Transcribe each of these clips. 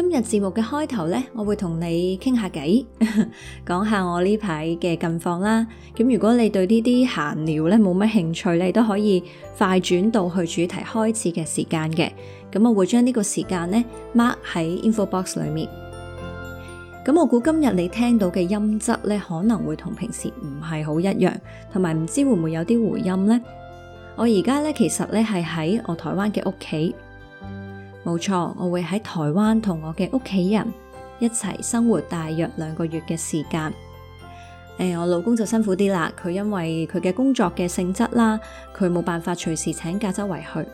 今日節目嘅開頭呢，我會同你傾下偈，講下我呢排嘅近況啦。咁如果你對呢啲閒聊呢冇乜興趣，你都可以快轉到去主題開始嘅時間嘅。咁我會將呢個時間呢 mark 喺 info box 裏面。咁我估今日你聽到嘅音質呢可能會同平時唔係好一樣，同埋唔知會唔會有啲回音呢。我而家呢其實呢係喺我台灣嘅屋企。冇錯，我會喺台灣同我嘅屋企人一齊生活大約兩個月嘅時間。誒、呃，我老公就辛苦啲啦，佢因為佢嘅工作嘅性質啦，佢冇辦法隨時請假周圍去，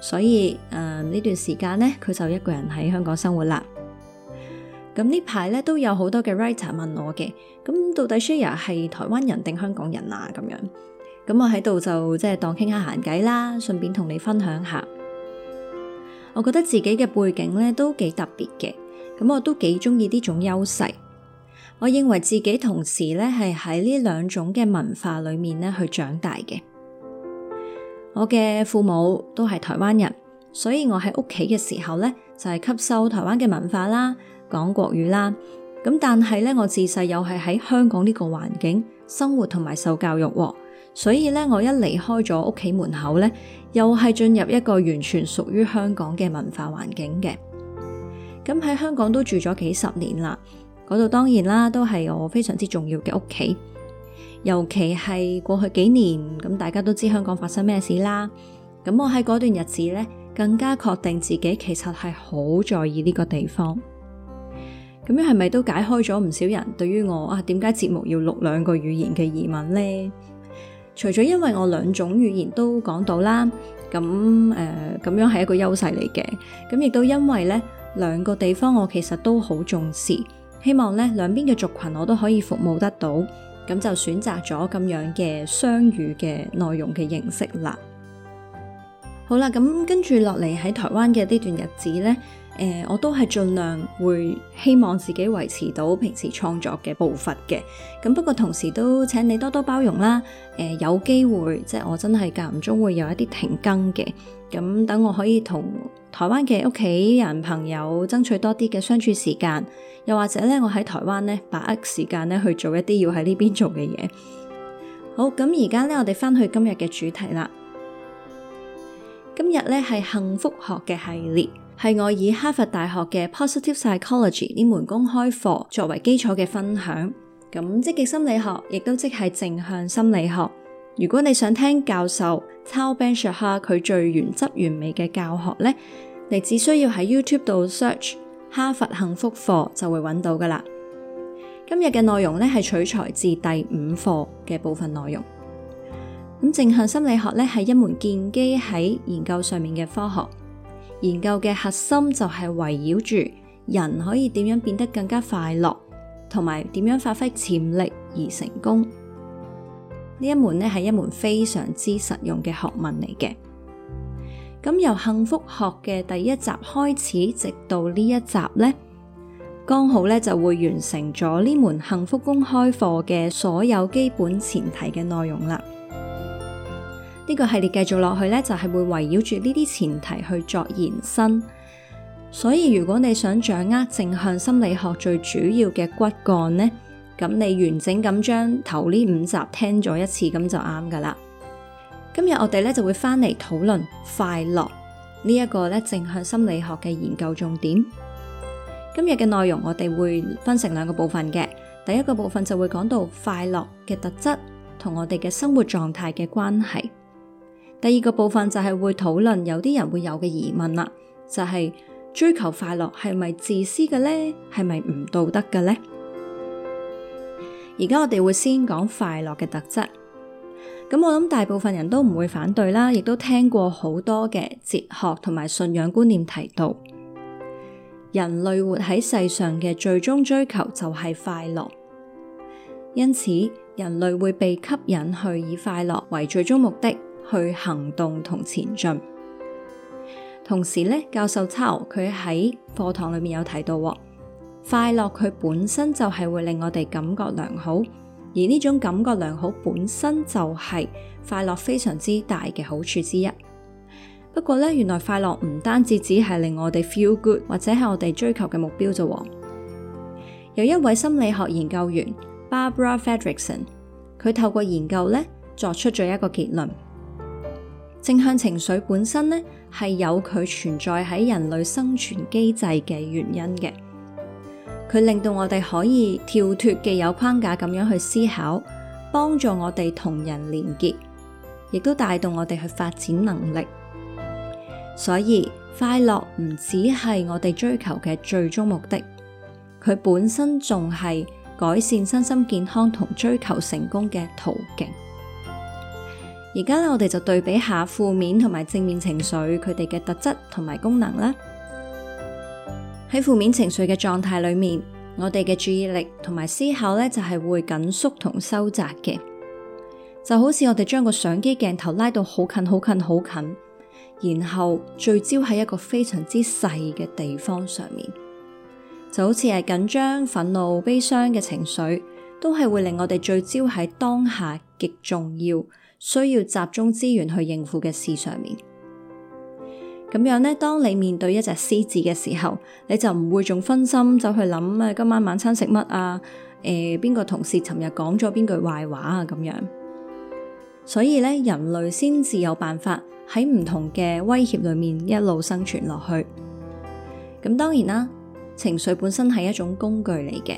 所以誒呢、呃、段時間呢，佢就一個人喺香港生活啦。咁呢排咧都有好多嘅 writer 問我嘅，咁到底 Sherry 係台灣人定香港人啊？咁樣，咁我喺度就即係當傾下閒偈啦，順便同你分享下。我覺得自己嘅背景咧都幾特別嘅，咁我都幾中意呢種優勢。我認為自己同時咧係喺呢兩種嘅文化裏面咧去長大嘅。我嘅父母都係台灣人，所以我喺屋企嘅時候咧就係吸收台灣嘅文化啦，講國語啦。咁但係咧我自細又係喺香港呢個環境生活同埋受教育。所以咧，我一離開咗屋企門口咧，又係進入一個完全屬於香港嘅文化環境嘅。咁喺香港都住咗幾十年啦，嗰度當然啦，都係我非常之重要嘅屋企。尤其係過去幾年，咁大家都知香港發生咩事啦。咁我喺嗰段日子咧，更加確定自己其實係好在意呢個地方。咁樣係咪都解開咗唔少人對於我啊點解節目要錄兩個語言嘅疑問呢？除咗因為我兩種語言都講到啦，咁誒咁樣係一個優勢嚟嘅，咁亦都因為咧兩個地方我其實都好重視，希望咧兩邊嘅族群我都可以服務得到，咁就選擇咗咁樣嘅雙語嘅內容嘅形式啦。好啦，咁跟住落嚟喺台灣嘅呢段日子咧。誒、呃，我都係盡量會希望自己維持到平時創作嘅步伐嘅，咁不過同時都請你多多包容啦。誒、呃，有機會即係我真係間唔中會有一啲停更嘅，咁等我可以同台灣嘅屋企人朋友爭取多啲嘅相處時間，又或者咧我喺台灣咧把握時間咧去做一啲要喺呢邊做嘅嘢。好，咁而家咧我哋翻去今日嘅主題啦，今日咧係幸福學嘅系列。係我以哈佛大學嘅 Positive Psychology 呢門公開課作為基礎嘅分享，咁積極心理學亦都即係正向心理學。如果你想聽教授抄 Ben-Shahar 佢最原汁原味嘅教學咧，你只需要喺 YouTube 度 search 哈佛幸福課就會揾到噶啦。今日嘅內容咧係取材自第五課嘅部分內容。咁正向心理學咧係一門建基喺研究上面嘅科學。研究嘅核心就係圍繞住人可以點樣變得更加快樂，同埋點樣發揮潛力而成功。呢一門呢係一門非常之實用嘅學問嚟嘅。咁、嗯、由幸福學嘅第一集開始，直到呢一集呢，剛好呢就會完成咗呢門幸福公開課嘅所有基本前提嘅內容啦。呢個系列繼續落去呢，就係會圍繞住呢啲前提去作延伸。所以如果你想掌握正向心理學最主要嘅骨幹呢，咁你完整咁將頭呢五集聽咗一次咁就啱噶啦。今日我哋呢，就會翻嚟討論快樂呢一個呢，正向心理學嘅研究重點。今日嘅內容我哋會分成兩個部分嘅，第一個部分就會講到快樂嘅特質同我哋嘅生活狀態嘅關係。第二個部分就係會討論有啲人會有嘅疑問啦，就係追求快樂係咪自私嘅呢？係咪唔道德嘅呢？而家我哋會先講快樂嘅特質。咁我諗大部分人都唔會反對啦，亦都聽過好多嘅哲學同埋信仰觀念提到，人類活喺世上嘅最終追求就係快樂，因此人類會被吸引去以快樂為最終目的。去行動同前進，同時咧，教授 Charles 佢喺課堂裏面有提到，快樂佢本身就係會令我哋感覺良好，而呢種感覺良好本身就係快樂非常之大嘅好處之一。不過咧，原來快樂唔單止只係令我哋 feel good，或者係我哋追求嘅目標啫。有一位心理學研究員 Barbara Fredrickson，佢透過研究咧作出咗一個結論。正向情緒本身呢，係有佢存在喺人類生存機制嘅原因嘅。佢令到我哋可以跳脱既有框架咁樣去思考，幫助我哋同人連結，亦都帶動我哋去發展能力。所以快樂唔只係我哋追求嘅最終目的，佢本身仲係改善身心健康同追求成功嘅途徑。而家咧，我哋就對比下負面同埋正面情緒佢哋嘅特質同埋功能啦。喺負面情緒嘅狀態裏面，我哋嘅注意力同埋思考咧就係會緊縮同收窄嘅，就好似我哋將個相機鏡頭拉到好近、好近、好近、好近，然後聚焦喺一個非常之細嘅地方上面，就好似係緊張、憤怒、悲傷嘅情緒，都係會令我哋聚焦喺當下極重要需要集中資源去應付嘅事上面，咁樣咧，當你面對一隻獅子嘅時候，你就唔會仲分心走去諗啊，今晚晚餐食乜啊？誒、呃，邊個同事尋日講咗邊句壞話啊？咁樣，所以咧，人類先至有辦法喺唔同嘅威脅裏面一路生存落去。咁當然啦，情緒本身係一種工具嚟嘅，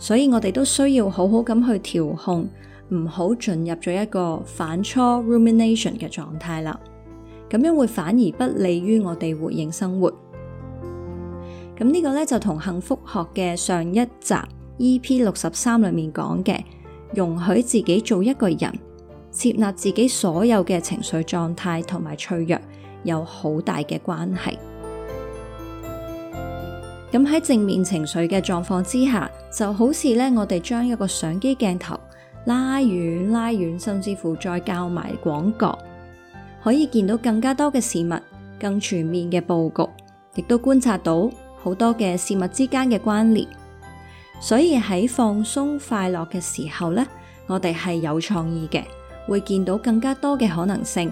所以我哋都需要好好咁去調控。唔好進入咗一個反芻 rumination 嘅狀態啦，咁樣會反而不利於我哋回應生活。咁呢個咧就同幸福學嘅上一集 E.P. 六十三裏面講嘅，容許自己做一個人，接納自己所有嘅情緒狀態同埋脆弱，有好大嘅關係。咁喺正面情緒嘅狀況之下，就好似呢，我哋將一個相機鏡頭。拉遠、拉遠，甚至乎再較埋廣角，可以見到更加多嘅事物，更全面嘅佈局，亦都觀察到好多嘅事物之間嘅關聯。所以喺放鬆快樂嘅時候咧，我哋係有創意嘅，會見到更加多嘅可能性，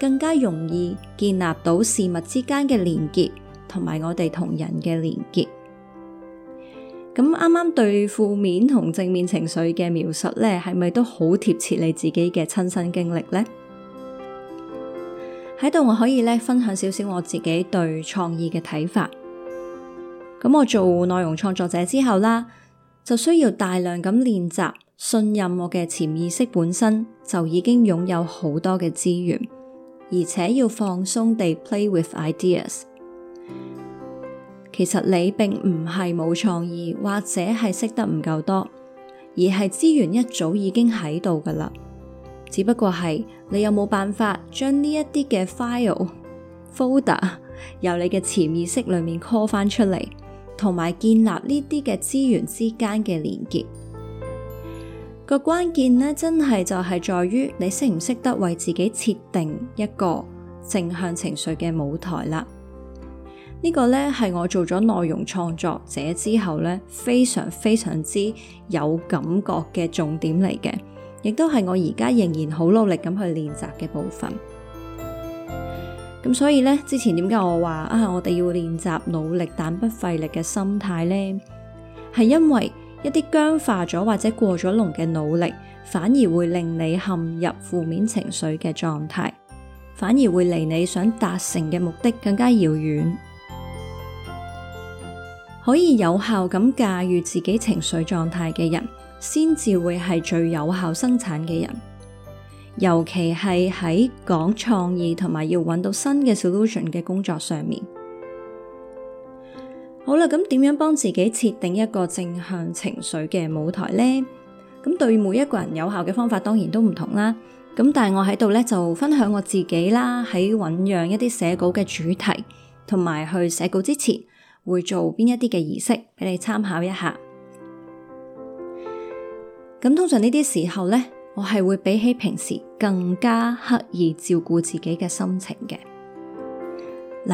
更加容易建立到事物之間嘅連結，同埋我哋同人嘅連結。咁啱啱對負面同正面情緒嘅描述咧，係咪都好貼切你自己嘅親身經歷咧？喺度我可以咧分享少少我自己對創意嘅睇法。咁我做內容創作者之後啦，就需要大量咁練習，信任我嘅潛意識本身，就已經擁有好多嘅資源，而且要放鬆地 play with ideas。其實你並唔係冇創意，或者係識得唔夠多，而係資源一早已經喺度噶啦。只不過係你有冇辦法將呢一啲嘅 file、folder 由你嘅潛意識裏面 call 翻出嚟，同埋建立呢啲嘅資源之間嘅連結。個關鍵呢，真係就係在於你識唔識得為自己設定一個正向情緒嘅舞台啦。呢個呢，係我做咗內容創作者之後呢，非常非常之有感覺嘅重點嚟嘅，亦都係我而家仍然好努力咁去練習嘅部分。咁所以呢，之前點解我話啊，我哋要練習努力但不費力嘅心態呢？係因為一啲僵化咗或者過咗龍嘅努力，反而會令你陷入負面情緒嘅狀態，反而會離你想達成嘅目的更加遙遠。可以有效咁駕馭自己情緒狀態嘅人，先至會係最有效生產嘅人。尤其係喺講創意同埋要搵到新嘅 solution 嘅工作上面。好啦，咁點樣幫自己設定一個正向情緒嘅舞台呢？咁對每一個人有效嘅方法當然都唔同啦。咁但係我喺度咧就分享我自己啦，喺醞釀一啲寫稿嘅主題同埋去寫稿之前。會做邊一啲嘅儀式俾你參考一下。咁通常呢啲時候呢，我係會比起平時更加刻意照顧自己嘅心情嘅。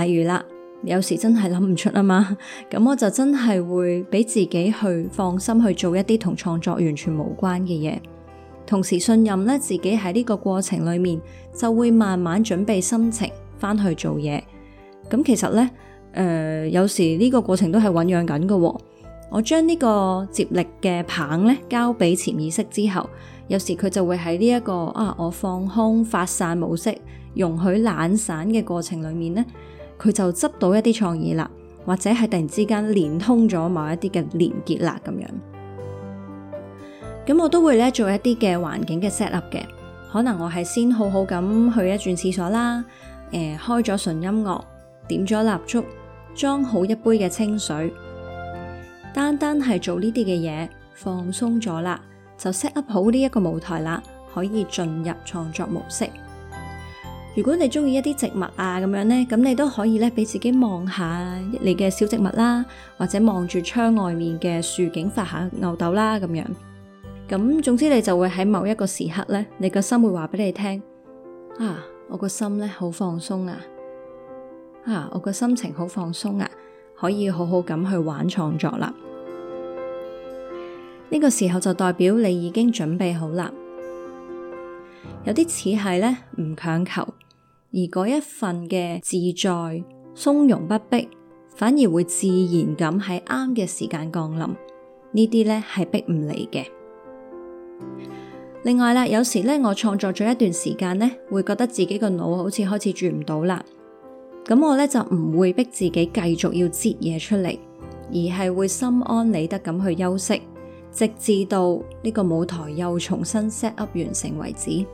例如啦，有時真係諗唔出啊嘛，咁我就真係會俾自己去放心去做一啲同創作完全無關嘅嘢，同時信任呢，自己喺呢個過程裏面就會慢慢準備心情翻去做嘢。咁其實呢。誒、呃，有時呢個過程都係醞釀緊嘅。我將呢個接力嘅棒咧交俾潛意識之後，有時佢就會喺呢一個啊，我放空發散模式，容許懶散嘅過程裏面咧，佢就執到一啲創意啦，或者係突然之間連通咗某一啲嘅連結啦，咁樣。咁我都會咧做一啲嘅環境嘅 set up 嘅，可能我係先好好咁去一轉廁所啦，誒、呃，開咗純音樂，點咗蠟燭。裝好一杯嘅清水，單單係做呢啲嘅嘢，放鬆咗啦，就 set up 好呢一個舞台啦，可以進入創作模式。如果你鍾意一啲植物啊，咁樣呢，咁你都可以呢，俾自己望下你嘅小植物啦，或者望住窗外面嘅樹景發下吽哣啦，咁樣。咁總之你就會喺某一個時刻呢，你個心會話俾你聽啊，我個心呢，好放鬆啊。啊！我個心情好放鬆啊，可以好好咁去玩創作啦。呢個時候就代表你已經準備好啦。有啲似係呢，唔強求，而嗰一份嘅自在、松容不迫，反而會自然咁喺啱嘅時間降臨。呢啲呢係逼唔嚟嘅。另外啦，有時呢，我創作咗一段時間呢，會覺得自己個腦好似開始轉唔到啦。咁我咧就唔會逼自己繼續要擠嘢出嚟，而係會心安理得咁去休息，直至到呢個舞台又重新 set up 完成為止。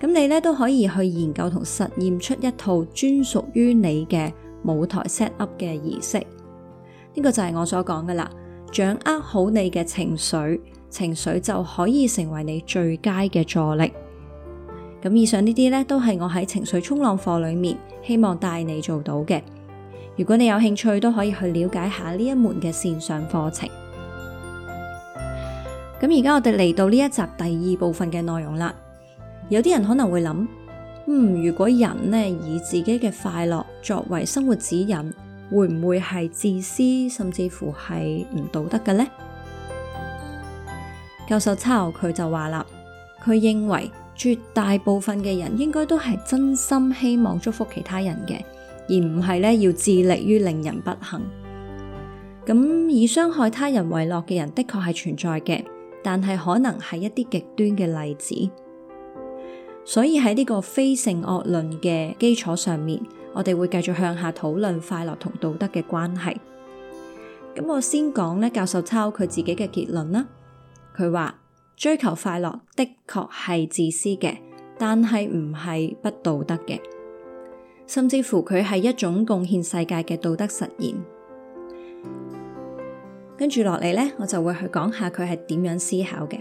咁你咧都可以去研究同實驗出一套專屬於你嘅舞台 set up 嘅儀式。呢個就係我所講㗎喇，掌握好你嘅情緒，情緒就可以成為你最佳嘅助力。咁以上呢啲咧，都係我喺情緒衝浪課裏面希望帶你做到嘅。如果你有興趣，都可以去了解下呢一門嘅線上課程。咁而家我哋嚟到呢一集第二部分嘅內容啦。有啲人可能會諗，嗯，如果人呢以自己嘅快樂作為生活指引，會唔會係自私，甚至乎係唔道德嘅呢？教授之後佢就話啦，佢認為。絕大部分嘅人應該都係真心希望祝福其他人嘅，而唔係咧，要致力於令人不幸。咁以傷害他人為樂嘅人的確係存在嘅，但係可能係一啲極端嘅例子。所以喺呢個非性惡論嘅基礎上面，我哋會繼續向下討論快樂同道德嘅關係。咁我先講咧，教授抄佢自己嘅結論啦。佢話。追求快樂的確係自私嘅，但係唔係不道德嘅，甚至乎佢係一種貢獻世界嘅道德實驗。跟住落嚟咧，我就會去講下佢係點樣思考嘅。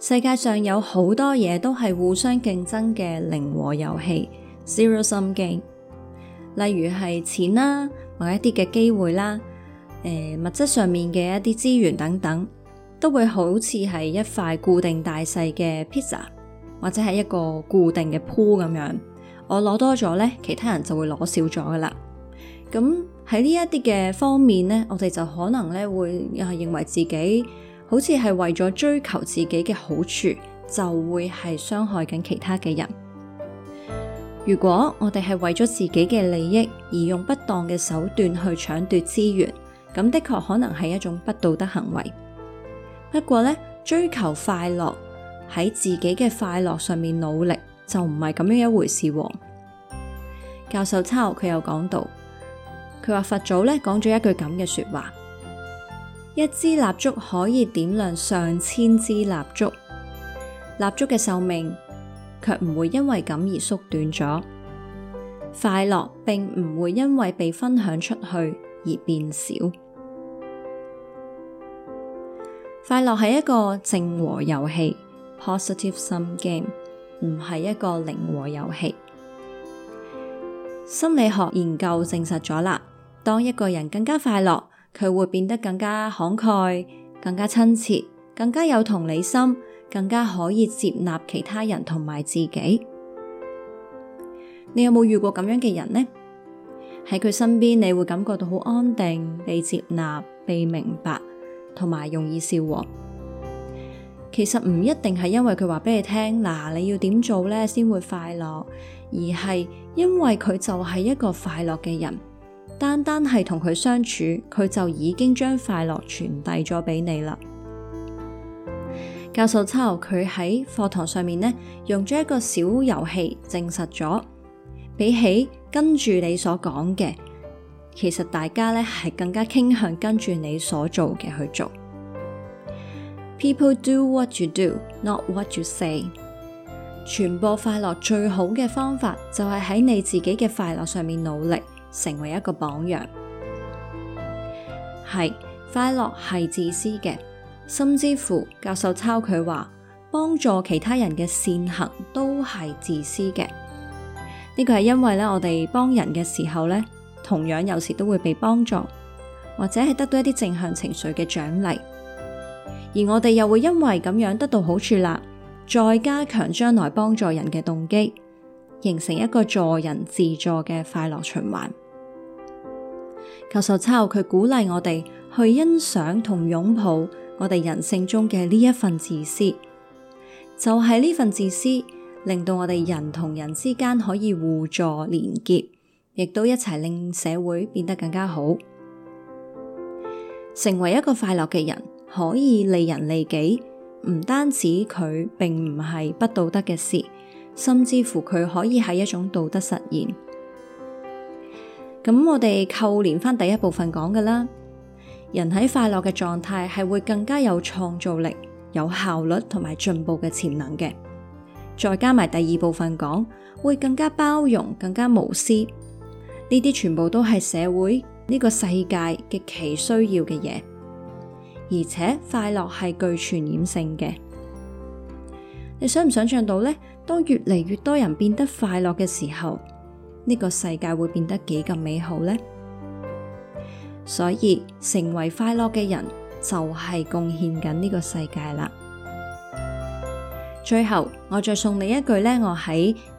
世界上有好多嘢都係互相競爭嘅零和遊戲 （zero 心 u，例如係錢啦，某一啲嘅機會啦，誒、呃、物質上面嘅一啲資源等等。都會好似係一塊固定大細嘅 pizza，或者係一個固定嘅鋪咁樣。我攞多咗呢，其他人就會攞少咗噶啦。咁喺呢一啲嘅方面呢，我哋就可能呢會啊認為自己好似係為咗追求自己嘅好處，就會係傷害緊其他嘅人。如果我哋係為咗自己嘅利益而用不當嘅手段去搶奪資源，咁的確可能係一種不道德行為。不過咧，追求快樂喺自己嘅快樂上面努力，就唔係咁樣一回事啊。教授抄佢又講到，佢話佛祖呢講咗一句咁嘅說話：一支蠟燭可以點亮上千支蠟燭，蠟燭嘅壽命卻唔會因為咁而縮短咗。快樂並唔會因為被分享出去而變少。快樂係一個正和遊戲 （positive sum game），唔係一個零和遊戲。心理學研究證實咗啦，當一個人更加快樂，佢會變得更加慷慨、更加親切、更加有同理心、更加可以接納其他人同埋自己。你有冇遇過咁樣嘅人呢？喺佢身邊，你會感覺到好安定、被接納、被明白。同埋容易笑，其實唔一定係因為佢話俾你聽，嗱，你要點做咧先會快樂，而係因為佢就係一個快樂嘅人，單單係同佢相處，佢就已經將快樂傳遞咗俾你啦。 教授差佢喺課堂上面呢，用咗一個小遊戲證實咗，比起跟住你所講嘅。其實大家咧係更加傾向跟住你所做嘅去做。People do what you do, not what you say。傳播快樂最好嘅方法就係喺你自己嘅快樂上面努力，成為一個榜樣。係快樂係自私嘅，甚至乎教授抄佢話，幫助其他人嘅善行都係自私嘅。呢個係因為咧，我哋幫人嘅時候咧，同樣有時都會被幫助，或者係得到一啲正向情緒嘅獎勵，而我哋又會因為咁樣得到好處啦，再加強將來幫助人嘅動機，形成一個助人自助嘅快樂循環。教授之後佢鼓勵我哋去欣賞同擁抱我哋人性中嘅呢一份自私，就係呢份自私令到我哋人同人之間可以互助連結。亦都一齊令社會變得更加好，成為一個快樂嘅人，可以利人利己，唔單止佢並唔係不道德嘅事，甚至乎佢可以係一種道德實現。咁我哋扣連翻第一部分講嘅啦，人喺快樂嘅狀態係會更加有創造力、有效率同埋進步嘅潛能嘅。再加埋第二部分講，會更加包容、更加無私。呢啲全部都係社會呢個世界極其需要嘅嘢，而且快樂係具傳染性嘅。你想唔想象到呢？當越嚟越多人變得快樂嘅時候，呢個世界會變得幾咁美好呢？所以成為快樂嘅人就係貢獻緊呢個世界啦。最後我再送你一句呢：我喺。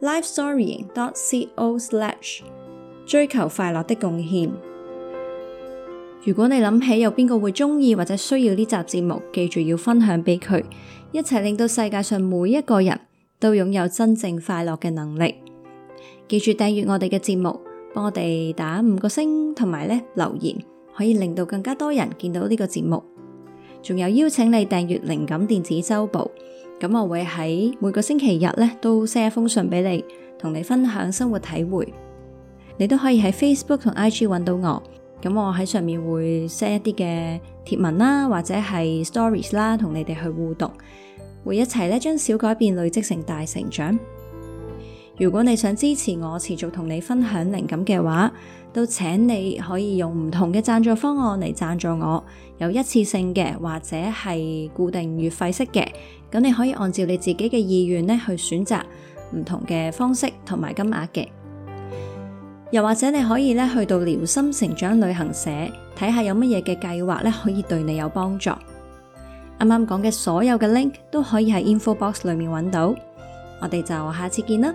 LifeStory.Co/ Slash：追求快樂的貢獻。如果你諗起有邊個會中意或者需要呢集節目，記住要分享俾佢，一齊令到世界上每一個人都擁有真正快樂嘅能力。記住訂閱我哋嘅節目，幫我哋打五個星，同埋咧留言，可以令到更加多人見到呢個節目。仲有邀請你訂閱靈感電子周報。咁我會喺每個星期日咧都寫一封信俾你，同你分享生活體會。你都可以喺 Facebook 同 IG 搵到我，咁我喺上面會寫一啲嘅貼文啦，或者係 stories 啦，同你哋去互動，會一齊咧將小改變累積成大成長。如果你想支持我，持續同你分享靈感嘅話，都請你可以用唔同嘅贊助方案嚟贊助我，有一次性嘅或者係固定月費式嘅，咁你可以按照你自己嘅意願咧去選擇唔同嘅方式同埋金額嘅，又或者你可以咧去到聊心成長旅行社睇下有乜嘢嘅計劃咧可以對你有幫助。啱啱講嘅所有嘅 link 都可以喺 info box 裏面揾到，我哋就下次見啦。